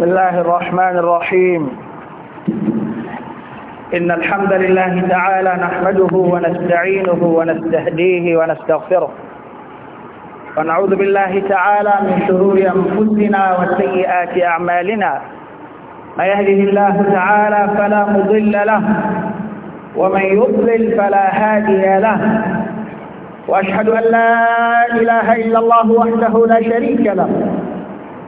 بسم الله الرحمن الرحيم إن الحمد لله تعالى نحمده ونستعينه ونستهديه ونستغفره ونعوذ بالله تعالى من شرور أنفسنا وسيئات أعمالنا ما يهده الله تعالى فلا مضل له ومن يضلل فلا هادي له وأشهد أن لا إله إلا الله وحده لا شريك له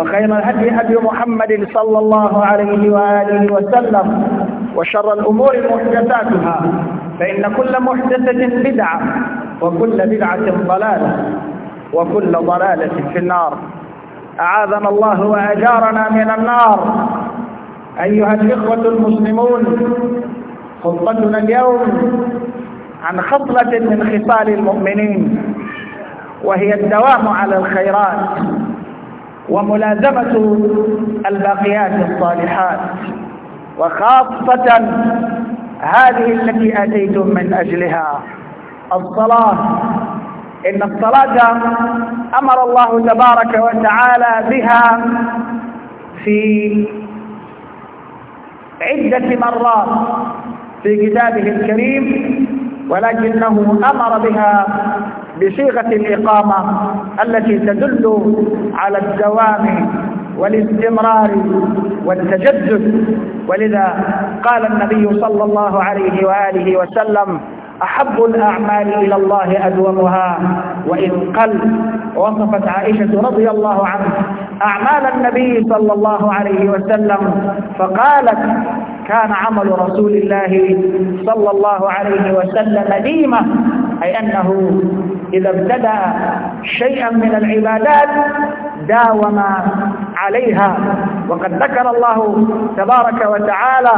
وخير الهدي هدي محمد صلى الله عليه وآله وسلم وشر الأمور محدثاتها فإن كل محدثة بدعة وكل بدعة ضلالة وكل ضلالة في النار أعاذنا الله وأجارنا من النار أيها الإخوة المسلمون خطتنا اليوم عن خطله من خصال المؤمنين وهي الدوام على الخيرات وملازمة الباقيات الصالحات وخاصة هذه التي أتيتم من أجلها الصلاة إن الصلاة أمر الله تبارك وتعالى بها في عدة مرات في كتابه الكريم ولكنه أمر بها بصيغة الإقامة التي تدل على الدوام والاستمرار والتجدد ولذا قال النبي صلى الله عليه وآله وسلم أحب الأعمال إلى الله أدومها وإن قل وصفت عائشة رضي الله عنها أعمال النبي صلى الله عليه وسلم فقالت كان عمل رسول الله صلى الله عليه وسلم ديمة أي أنه إذا ابتدأ شيئا من العبادات داوم عليها وقد ذكر الله تبارك وتعالى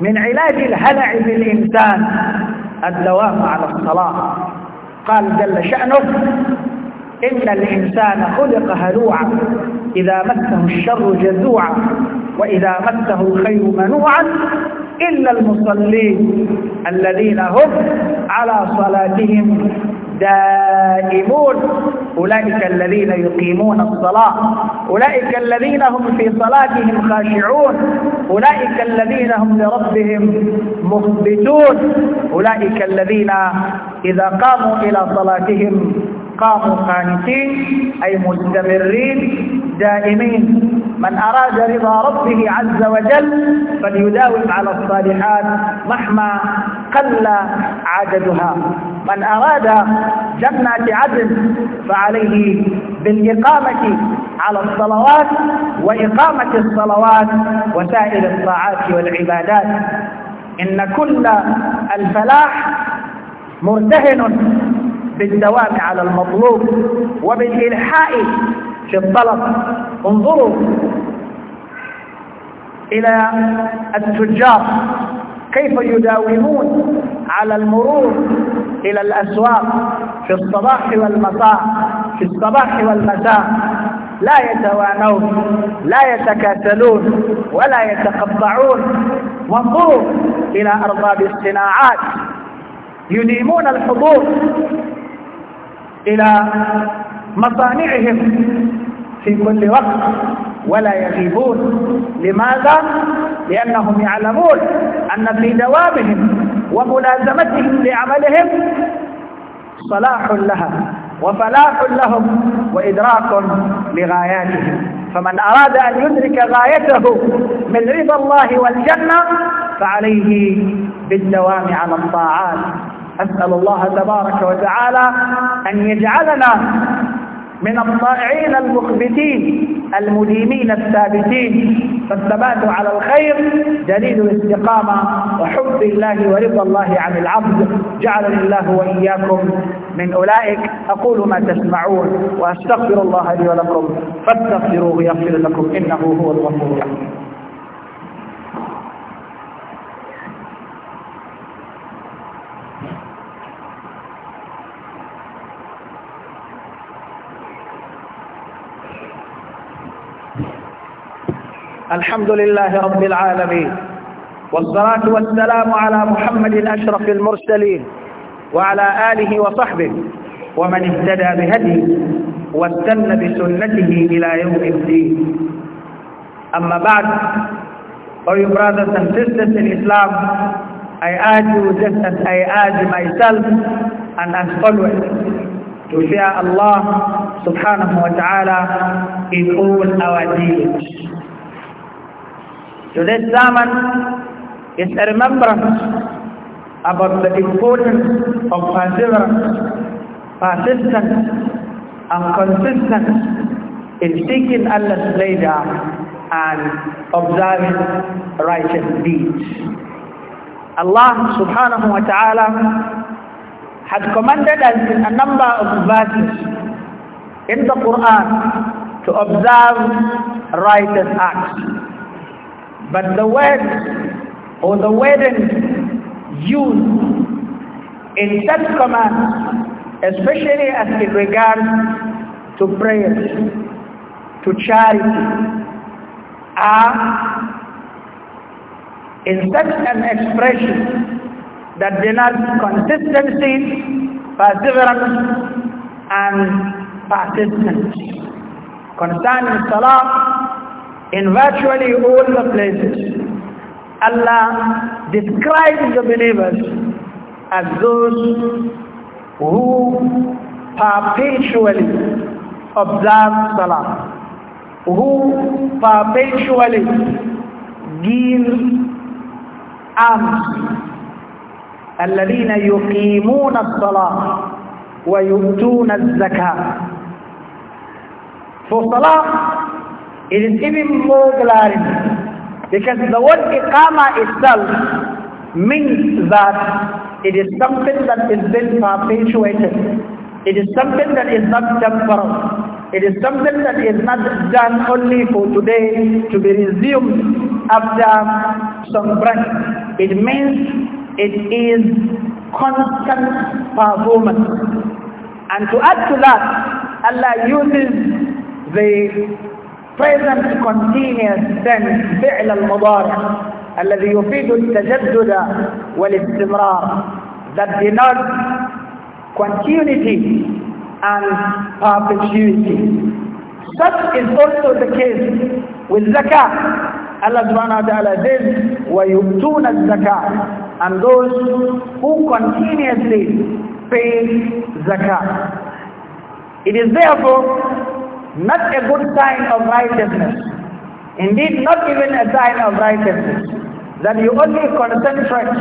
من علاج الهلع بالإنسان الدوام على الصلاة قال جل شأنه إن الإنسان خلق هلوعا إذا مسه الشر جزوعا وإذا مسه الخير منوعا إلا المصلين الذين هم على صلاتهم دائمون أولئك الذين يقيمون الصلاة أولئك الذين هم في صلاتهم خاشعون أولئك الذين هم لربهم مخبتون أولئك الذين إذا قاموا إلى صلاتهم قاموا قانتين أي مستمرين الدائمين من أراد رضا ربه عز وجل فليداوم على الصالحات مهما قل عددها من أراد جنة عدن فعليه بالإقامة على الصلوات وإقامة الصلوات وسائر الطاعات والعبادات إن كل الفلاح مرتهن بالدوام على المطلوب وبالإلحاء في الطلب انظروا إلى التجار كيف يداومون على المرور إلى الأسواق في الصباح والمساء في الصباح والمساء لا يتوانون لا يتكاتلون ولا يتقطعون وانظروا إلى أرباب الصناعات يديمون الحضور إلى مصانعهم في كل وقت ولا يغيبون لماذا؟ لأنهم يعلمون أن في دوامهم وملازمتهم لعملهم صلاح لها وفلاح لهم وإدراك لغاياتهم فمن أراد أن يدرك غايته من رضا الله والجنة فعليه بالدوام على الطاعات أسأل الله تبارك وتعالى أن يجعلنا من الطائعين المخبتين المديمين الثابتين فالثبات على الخير دليل الاستقامة وحب الله ورضا الله عن العبد جعلني الله وإياكم من أولئك أقول ما تسمعون وأستغفر الله لي ولكم فاستغفروه يغفر لكم إنه هو الغفور الرحيم الحمد لله رب العالمين والصلاة والسلام على محمد أشرف المرسلين وعلى آله وصحبه ومن اهتدى بهديه واستنى بسنته إلى يوم الدين أما بعد Oh you brothers and sisters in Islam I urge you just as I urge myself and as always to fear Allah subhanahu wa ta'ala in all our deeds Today's sermon is a remembrance about the importance of perseverance, persistence, and consistency in seeking Allah's pleasure and observing righteous deeds. Allah subhanahu wa ta'ala had commanded us in a number of verses in the Quran to observe righteous acts but the word or the wording used in such commands, especially as it regards to prayers, to charity, are in such an expression that denotes consistency, perseverance, and persistence. Concerning Salah, in virtually all the places, Allah describes the believers as those who perpetually observe Salah, who perpetually give alms, الذين يقيمون الصلاة ويؤتون الزكاة. For Salah, it is even more glaring because the word ikama itself means that it is something that is being perpetuated. It is something that is not temporal. It is something that is not done only for today to be resumed after some break. It means it is constant performance. And to add to that, Allah uses the present continuous tense فعل المضارع الذي يفيد التجدد والاستمرار that denotes continuity and perpetuity. Such is also the case with zakah. Allah subhanahu wa ta'ala says, وَيُؤْتُونَ الزَّكَاةِ And those who continuously pay zakah. It is therefore not a good sign of righteousness. Indeed, not even a sign of righteousness. That you only concentrate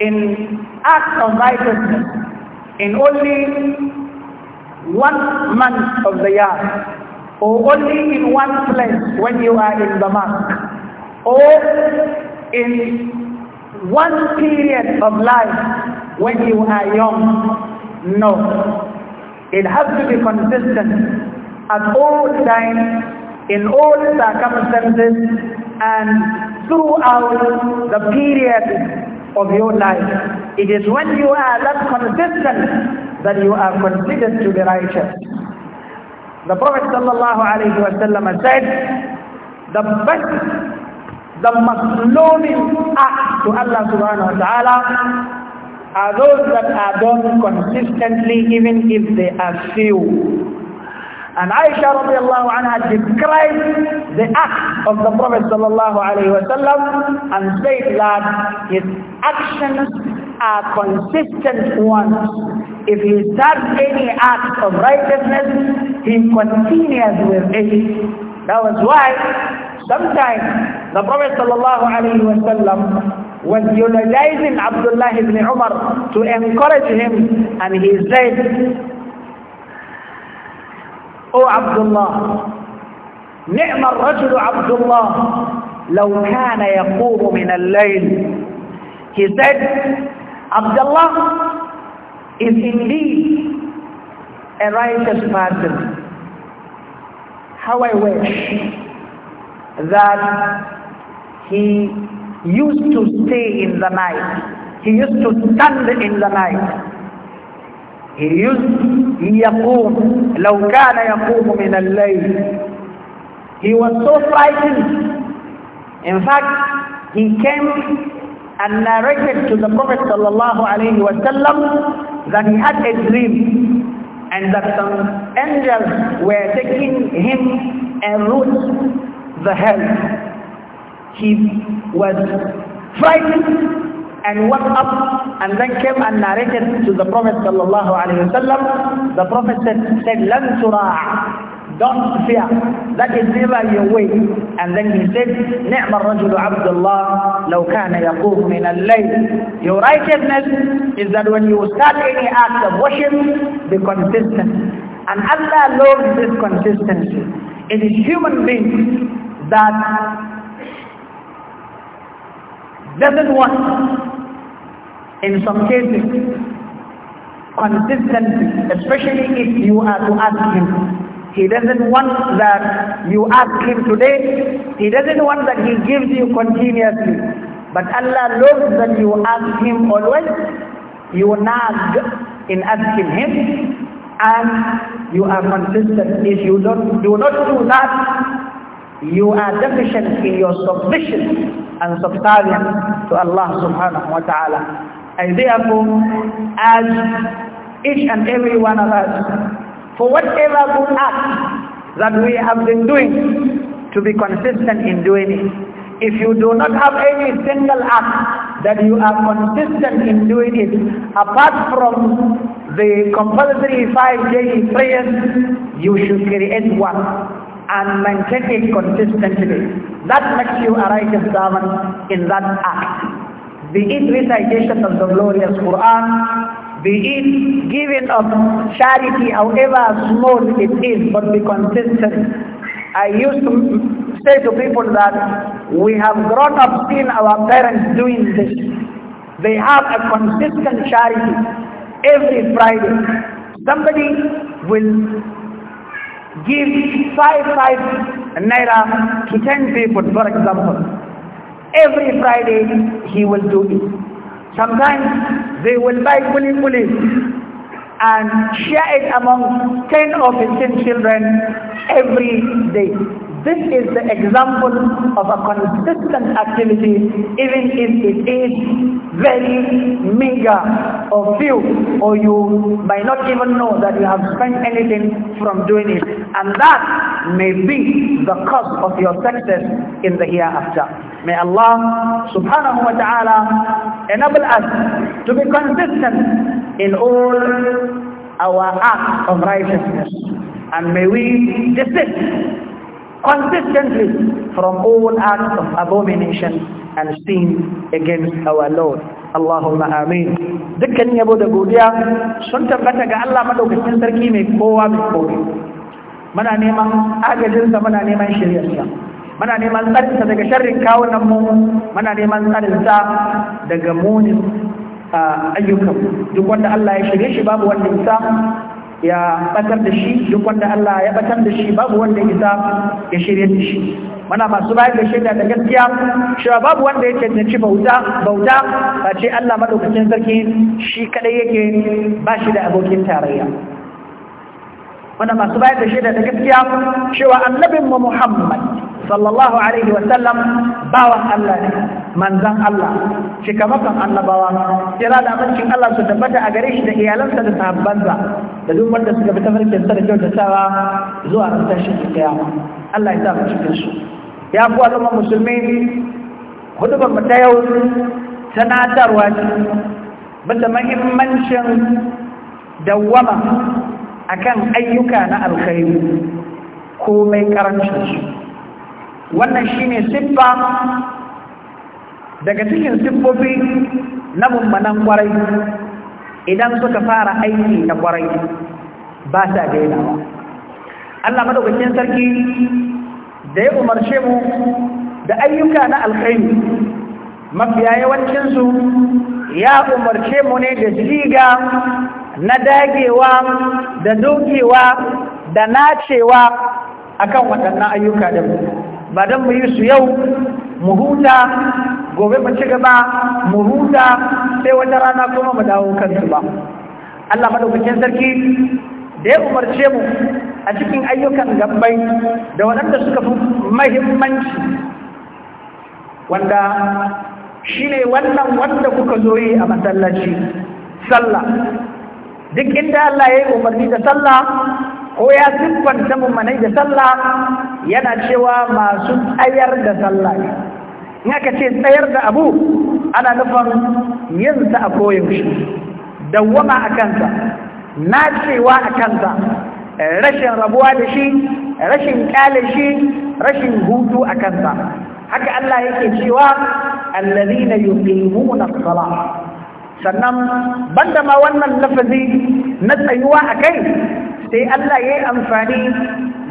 in acts of righteousness in only one month of the year or only in one place when you are in the mosque or in one period of life when you are young. No. It has to be consistent at all times, in all circumstances, and throughout the period of your life. It is when you are that consistent that you are considered to be righteous. The Prophet ﷺ said, the best, the most loving acts to Allah subhanahu wa ta'ala are those that are done consistently even if they are few. And Aisha radiallahu anha described the act of the Prophet sallallahu alayhi and said that his actions are consistent ones. If he does any act of righteousness, he continues with it. That was why sometimes the Prophet sallallahu alayhi wasallam was eulogizing Abdullah ibn Umar to encourage him and he said, O Abdullah, نعم الرجل عبد الله لو كان يقوم من الليل he said Abdullah is indeed a righteous person how I wish that he used to stay in the night he used to stand in the night he يقوم لو كان يقوم من الليل he was so frightened in fact he came and narrated to the Prophet sallallahu alaihi wasallam that he had a dream and that some angels were taking him and route the hell. He was frightened and walked up and then came and narrated to the Prophet sallallahu alaihi wasallam. The Prophet said, said Lan don't fear. That is never your way. And then he said, نعم الرجل لو كان يقوم من الليل. Your righteousness is that when you start any act of worship, be consistent. And Allah loves this consistency. It is human beings that doesn't want in some cases consistently, especially if you are to ask him. He doesn't want that you ask him today. He doesn't want that he gives you continuously. But Allah loves that you ask him always. You nag in asking him and you are consistent. If you don't, do not do that, you are deficient in your submission and subservience to Allah subhanahu wa ta'ala. I therefore ask each and every one of us for whatever good act that we have been doing to be consistent in doing it. If you do not have any single act that you are consistent in doing it, apart from the compulsory five daily prayers, you should create one and maintain it consistently. That makes you a righteous servant in that act be it recitation of the glorious Quran, be it giving of charity, however small it is, but be consistent. I used to say to people that we have grown up seeing our parents doing this. They have a consistent charity every Friday. Somebody will give five five naira to ten people, for example. Every Friday he will do it. Sometimes they will buy kuli kuli and share it among 10 of his 10 children every day. This is the example of a consistent activity even if it is very meager or few or you might not even know that you have spent anything from doing it. And that may be the cause of your success in the hereafter. May Allah subhanahu wa ta'ala enable us to be consistent in all our acts of righteousness. And may we desist consistently from all acts of abomination and sin against our Lord. Allahumma amin. Dukkanin yabo da godiya sun tabbata ga Allah madaukakin sarki mai kowa mai kowa. Muna neman agajinsa muna neman shiryarsa. Muna neman tsarinsa daga sharrin kawunan mu, muna neman tsarinsa daga munin ah, ayyukan. Duk wanda Allah ya shirye shi babu wanda isa ya batar da shi duk wanda Allah ya batar da shi babu wanda isa ya shirye da shi muna masu bayar da shaida da gaskiya cewa babu wanda ya cancanci bauta bauta ba ce Allah madaukakin sarki shi kadai yake ba shi da abokin tarayya wanda masu bayar da shaida da gaskiya cewa annabin mu Muhammad sallallahu alaihi wa sallam bawan Allah ne manzan Allah shikamakan annabawa kira da amincin Allah su tabbata a gare shi da iyalansa da sahabbansa da duk wanda suka bi tafarkin sa da kyautatawa zuwa tashin kiyama Allah ya sa mu cikin su ya ku al'umma musulmi hudubar mu ta yau sanatarwa ce bata mahimmancin dawwama akan ayyuka na alkhairi komai karancin su wannan shine siffa daga cikin siffofi na mummanan kwarai idan suka fara aiki na kwarai ba sa dainawa Allah madaukakin sarki da ya umarce mu da ayyuka na alkhairi mafiya yawancin su ya umarce mu ne da siga na dagewa da dogewa da nacewa akan waɗannan ayyuka da ba don mu yi su yau mu huta gobe mu ci gaba mu huta sai wata rana kuma mu dawo kansu ba Allah madaukakin sarki da ya umarce mu a cikin ayyukan gabbai da waɗanda suka fi mahimmanci wanda shi ne wannan wanda kuka zo yi a masallaci sallah duk inda Allah ya yi umarni da sallah ko ya siffanta mummanai da sallah yana cewa masu tsayar da sallah ne in aka ce tsayar da abu ana nufin yinsa a koyaushe dawwama a kansa nacewa a kansa rashin rabuwa da shi rashin kyale shi rashin hutu a kansa haka Allah yake cewa allazina yuqimuna as-salah sannan banda ma wannan lafazi na tsayuwa a kai sai Allah ya yi amfani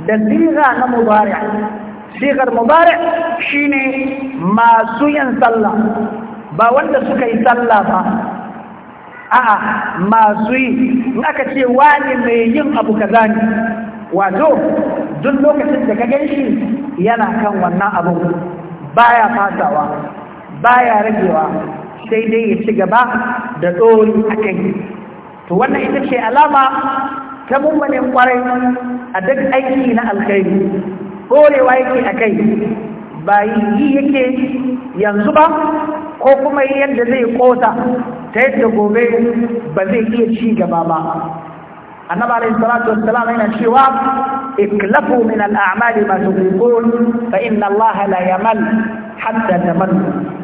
da siga na mubari sigar mubari shine masu yin sallah ba wanda suka yi sallah ba a'a masu yi in aka ce wani mai yin abu kaza ne wato duk lokacin da ka gan yana kan wannan abu baya fasawa baya ragewa sai dai ya ci gaba da tsori a kai to wannan ita ce alama ta mummanin kwarai a duk aiki na alkhairi korewa yake a kai ba yi yake yanzu ba ko kuma yadda zai kota ta yadda gobe ba zai iya ci gaba ba annaba alayhi salatu wassalam yana cewa iklafu min al'amali ma tuqul fa inna allaha la yamal hatta tamannu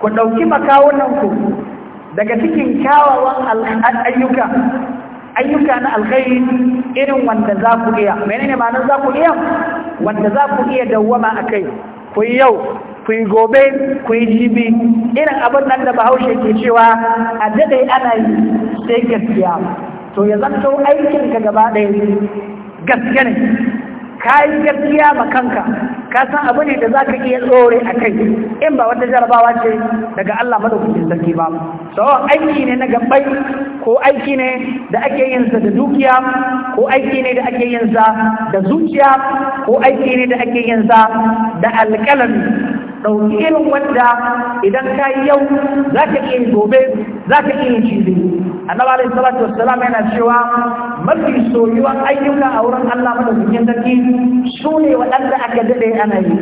ku ɗauki makawunanku daga cikin kyawawan ayyuka ayyuka na alkhairi irin wanda za ku iya menene ma'anar za ku iya wanda za ku iya dawwama a kai ku yau ku gobe ku jibi irin abin nan da bahaushe ke cewa a dade ana yi sai gaskiya to ya zanto aikinka gaba ɗaya gaske ne ka yi gaskiya ma kanka ka san abu ne da za ka iya tsore a kai in ba wata jarabawa ce daga Allah madaukakin sarki ba so aiki ne na gabbai ko aiki ne da ake yin sa da dukiya ko aiki ne da ake yin sa da zuciya ko aiki ne da ake yin sa da alkalan. ɗauki irin wanda idan ka yi yau za ka iya gobe za ka iya shi annabi alaihi salatu wassalam yana cewa mafi soyuwan ayyuka a wurin Allah madaukakin sarki su ne waɗanda aka dade ana yi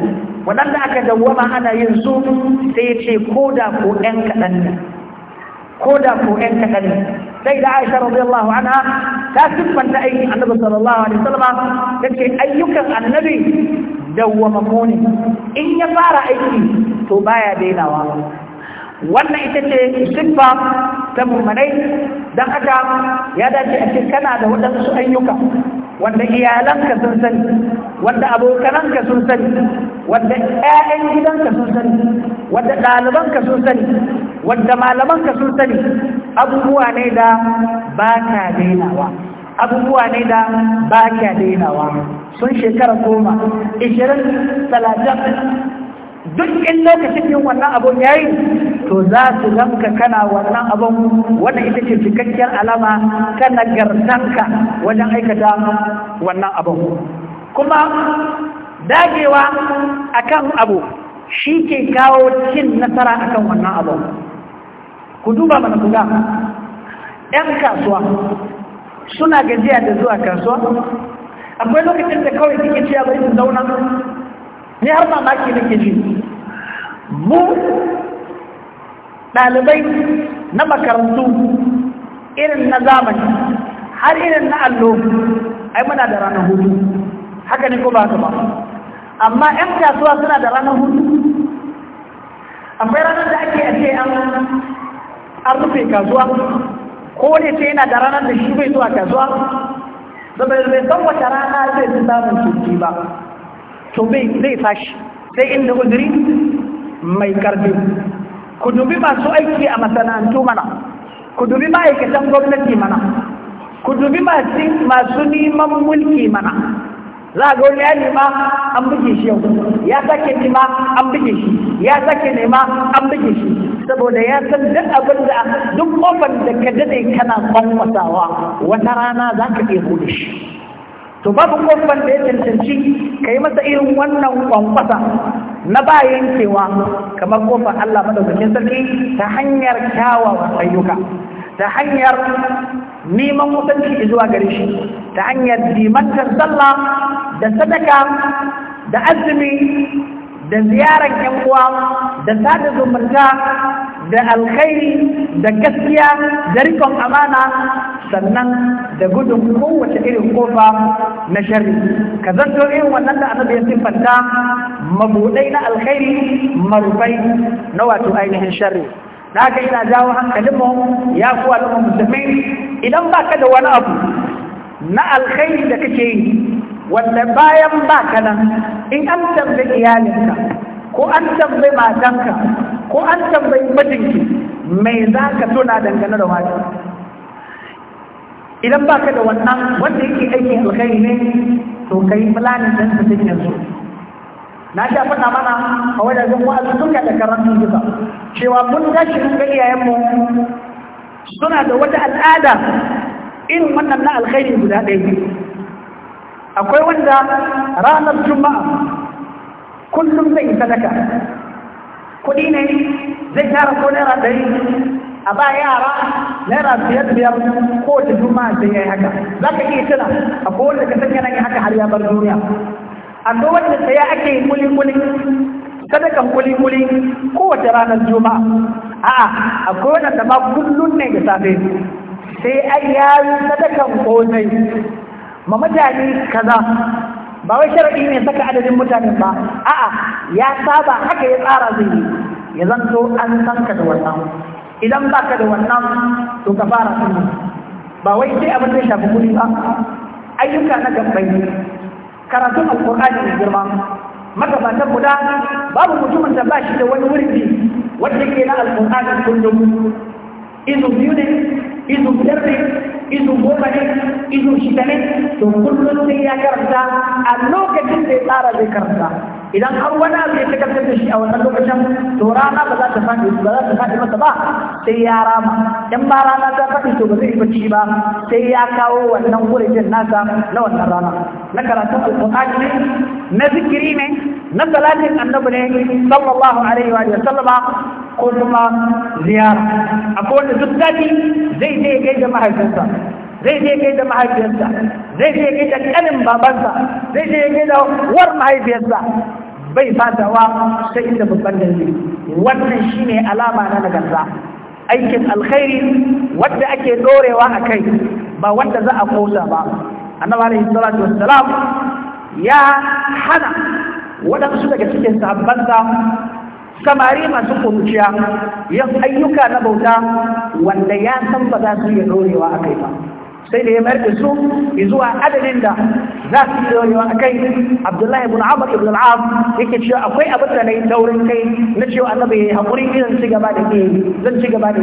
waɗanda aka dawwama ana yin su sai ya ce ko da ko ɗan kaɗan ne ko da ko ɗan kaɗan ne sai da Aisha radiyallahu anha ta siffanta aikin annabi sallallahu alaihi wasallam tace ayyukan annabi dawwama ne in ya fara aiki to baya dainawa wannan ita ce siffa ta mummunai don haka ya dace a ce kana da waɗansu ayyuka wanda iyalanka sun sani wanda abokananka sun sani wanda ƴaƴan gidanka sun sani wanda ɗalibanka sun sani wanda malamanka sun sani abubuwa ne da ba ka dainawa abubuwa ne da ba ka dainawa sun shekara goma ishirin talatin duk in lokacin yin wannan abun yayi to za su zamka kana wannan abun wannan ita ce cikakkiyar alama ta gartanka wajen aikata wannan abun kuma dagewa akan abu shi ke kawo cin nasara akan wannan abun ku duba mana ku ‘yan kasuwa suna gajiya da zuwa kasuwa akwai lokacin da kawai suke ciya bai su zauna ni har mamaki nake ji mu ɗalibai na makarantu irin na zamani har irin na allo ai muna da ranar hutu haka ne ko ba ba amma 'yan kasuwa suna da ranar hutu akwai ranar da ake ake an rufe kasuwa ko ne ce yana da ranar da shi bai zuwa kasuwa saboda bai san wata rana zai fi samun ba to zai tashi sai inda uzuri mai karfi ku dubi masu aiki a masana'antu mana ku dubi ma'aikatan gwamnati mana ku dubi masu neman mulki mana za ga wani ya nema an buge shi yau ya sake nema an buge shi ya sake nema an buge shi saboda ya san duk abin da duk kofar da ka dade kana wasawa wata rana za ka iya kuɗe shi to babu kwamban da ya cancanci ka yi masa irin wannan kwamfasa na bayan cewa kamar ƙofar Allah maɗaukacin sarki ta hanyar kyawawan ayyuka ta hanyar neman kusanci zuwa gari shi ta hanyar dimantar sallah da sadaka da azumi da ziyarar ‘yan uwa da sada zumunta da alkhairi da gaskiya da rikon amana sannan da gudun kowace irin kofa na shari ka zanto irin wannan da annabi ya siffanta mabudai na alkhairi marufai na wato ainihin shari da haka ina jawo mu ya kuwa da musulmi idan ba ka da wani abu na alkhairi da kake yi wanda bayan ba ka nan in an tambayi iyalinka ko an tambayi matanka ko an tambayi mijinki mai za ka tuna dangane da wani idan ba ka da wannan wanda yake aikin alkhairi ne to ka yi planin don su yanzu na sha faɗa mana a wajen wa'azu sun da karatu duka cewa mun tashi mun ga iyayenmu suna da wata al'ada irin wannan na alkhairi guda ɗaya akwai wanda ranar juma'a kullum zai sadaka kuɗi ne zai tara ko naira ɗari a ba yara naira biyar biyar kowace juma'a zai yi haka za ka iya tuna a wanda ka sanya nan haka har ya bar duniya akwai wanda saya ake kuli kuli sadakan kuli kuli kowace ranar juma'a a'a akwai wanda ma kullum ne da safe sai an yayi sadakan kosai ma mutane kaza ba wai sharadi ne saka adadin mutane ba a'a ya saba haka ya tsara zai yi ya zanto an san da wannan idan baka da wannan to ka fara sunna ba wai sai abin da shafi kuɗi ba ayyuka na gabbai karatun kurani da girma magabatan guda babu mutumin da ba shi da wani wurin wanda ke na alƙur'ani kullum izu biyu ne izu biyar ne izu goma to kullum sai ya karanta a lokacin da ya tsara zai karanta idan an wani abu ya karanta da shi a wannan lokacin to rana ba za ta faɗi ba za ta faɗi masa ba sai ya rama in ba rana ta faɗi to ba zai yi bacci ba sai ya kawo wannan wurin nasa na wannan rana na karatun alƙur'ani ne na zikiri ne na salatin annabi ne sallallahu alaihi wa sallama ko kuma ziyara akwai wanda duk sati zai je gai da mahaifinsa zai je gai da mahaifiyarsa zai je gai da kanin babansa zai je gai da war mahaifiyarsa bai fatawa sai inda babban dalili wannan shine alama na nagarta aikin alkhairi wanda ake dorewa a kai ba wanda za a kosa ba annabi alaihi salatu wassalam ya hana waɗansu daga cikin sahabbansa samari masu kuruciya ya ayyuka na bauta wanda ya san ba za su iya dorewa a kai ba sai da ya mayar da su zuwa adadin da za su iya dorewa a kai abdullahi ibn abu ibn al'ab yake cewa akwai abin da na yi taurin kai na cewa annabi ya yi haƙuri zan ci gaba da ke zan ci gaba da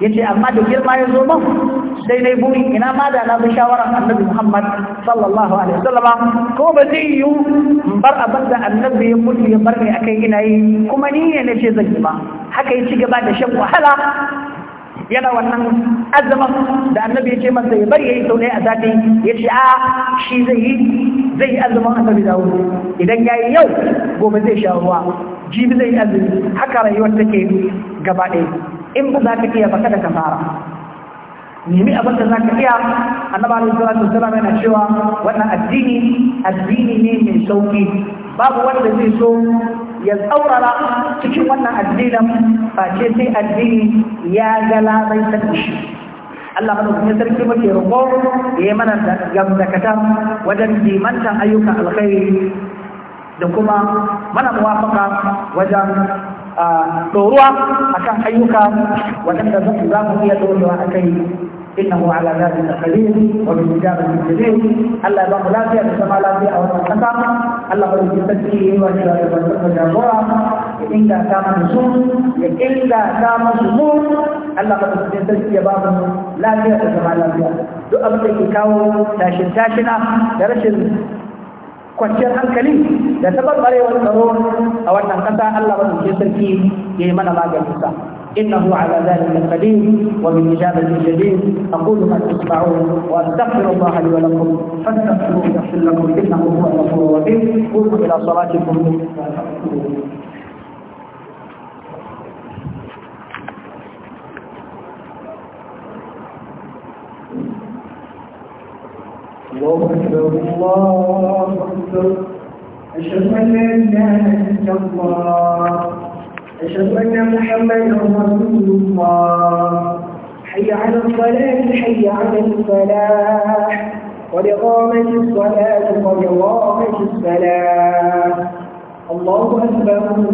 ya ce amma da girma ya zo ba. sai dai buri ina ma da na bi annabi Muhammad sallallahu alaihi wasallam ko ba zai yi bar abin da annabi ya mutu ya bar ni akai ina yi kuma ni ne nace zan yi ba haka ya ci gaba da shan wahala yana wannan azaman da annabi ya ce masa ya bari ya yi sau a sati ya ce a shi zai yi zai yi azumin annabi da wuri idan ya yi yau gobe zai sha ruwa jibi zai yi azumi haka rayuwar take gaba ɗaya in ba za ka iya baka da kafara nemi abin da zaka iya annabi alaihi salatu wasallam yana cewa wannan addini addini ne mai sauki babu wanda zai so ya tsaurara cikin wannan addinin face sai addini ya ga labai ta shi Allah madaukakin sarki muke roƙo ya yi mana gamdakata wajen limantan ayyukan alkhairi da kuma mana muwafaka wajen dorowa a kan ayyuka waɗanda za su zamu iya dorowa a kai innahu ala zari da kare wa bin jiya da jirgin Allah ya ba mu lafiya da zama lafiya a wannan kasa Allah ba ki sarki yayi wa shi da wannan jagora ya inda ta mu su ya inda ta Allah ba ki sarki ya ba mu lafiya da zama lafiya duk ke kawo tashin tashina da rashin kwanciyar hankali da tabarbarewar tsaro a wannan kasa Allah ba ke sarki ya yi mana maganin sa innahu ala zalika qadir wa min ijabati jadid aqulu ma tasma'un wa astaghfirullah li wa lakum fastaghfiruhu yaghfir lakum innahu huwa al-ghafurur rahim qul ila salatikum wa الله أكبر الله أكبر أشهد أن لا إله إلا الله أشهد أن محمدا رسول الله حي على الصلاة حي على الفلاح قد الصلاة قد قامت الصلاة الله أكبر الله